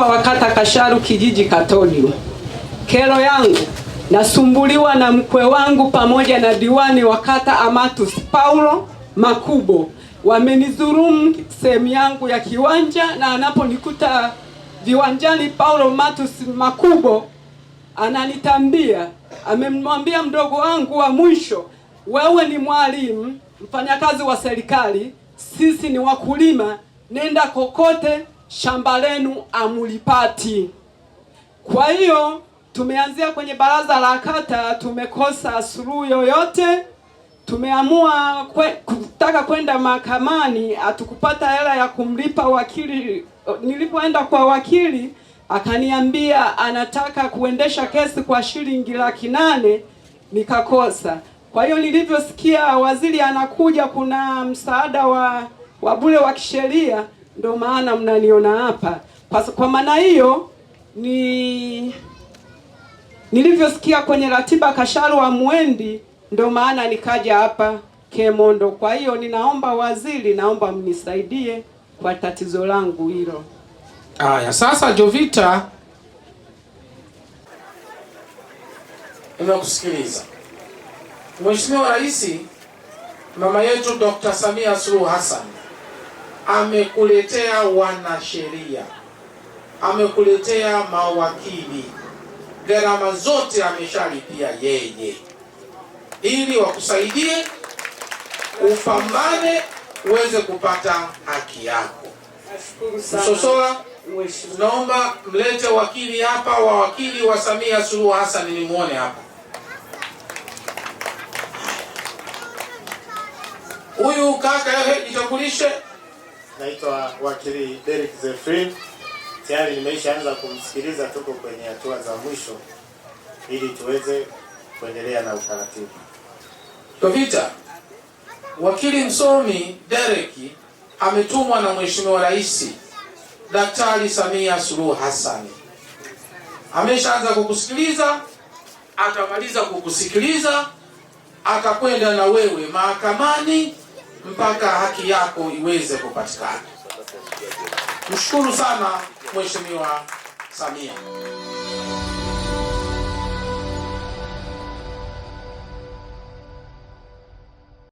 mkoa wa kata Kasharu kijiji katoni Kero yangu nasumbuliwa na mkwe wangu pamoja na diwani wa kata Amatus Paulo Makubo, wamenidhulumu sehemu yangu ya kiwanja, na anaponikuta viwanjani Paulo Matus Makubo ananitambia, amemwambia mdogo wangu wa mwisho, wewe ni mwalimu, mfanyakazi wa serikali, sisi ni wakulima, nenda kokote shamba lenu amulipati. Kwa hiyo tumeanzia kwenye baraza la kata, tumekosa suluhu yoyote, tumeamua kwe, kutaka kwenda mahakamani, hatukupata hela ya kumlipa wakili. Nilipoenda kwa wakili akaniambia anataka kuendesha kesi kwa shilingi laki nane nikakosa. Kwa hiyo nilivyosikia waziri anakuja kuna msaada wa wa bure wa kisheria ndio maana mnaniona hapa. Kwa, kwa maana hiyo ni nilivyosikia kwenye ratiba Kasharu hamwendi, ndio maana nikaja hapa Kemondo. Kwa hiyo ninaomba waziri, naomba mnisaidie kwa tatizo langu hilo. Haya, sasa Jovita, nakusikiliza Mheshimiwa Rais mama yetu Dr. Samia Suluhu Hassan amekuletea wanasheria, amekuletea mawakili, gharama zote ameshalipia yeye, ili wakusaidie upambane uweze kupata haki yako. Msosola, naomba mlete wakili hapa, wawakili wa Samia Suluhu Hassan, nimwone hapa. Huyu kaka, jitambulishe naitwa wakili Derek Zefrin. Tayari nimeshaanza kumsikiliza, tuko kwenye hatua za mwisho ili tuweze kuendelea na utaratibu. Tovita, wakili msomi Derek ametumwa na Mheshimiwa Rais Daktari Samia Suluhu Hassan, ameshaanza kukusikiliza, atamaliza kukusikiliza, akakwenda na wewe mahakamani mpaka haki yako iweze kupatikana. Mshukuru sana Mheshimiwa Samia.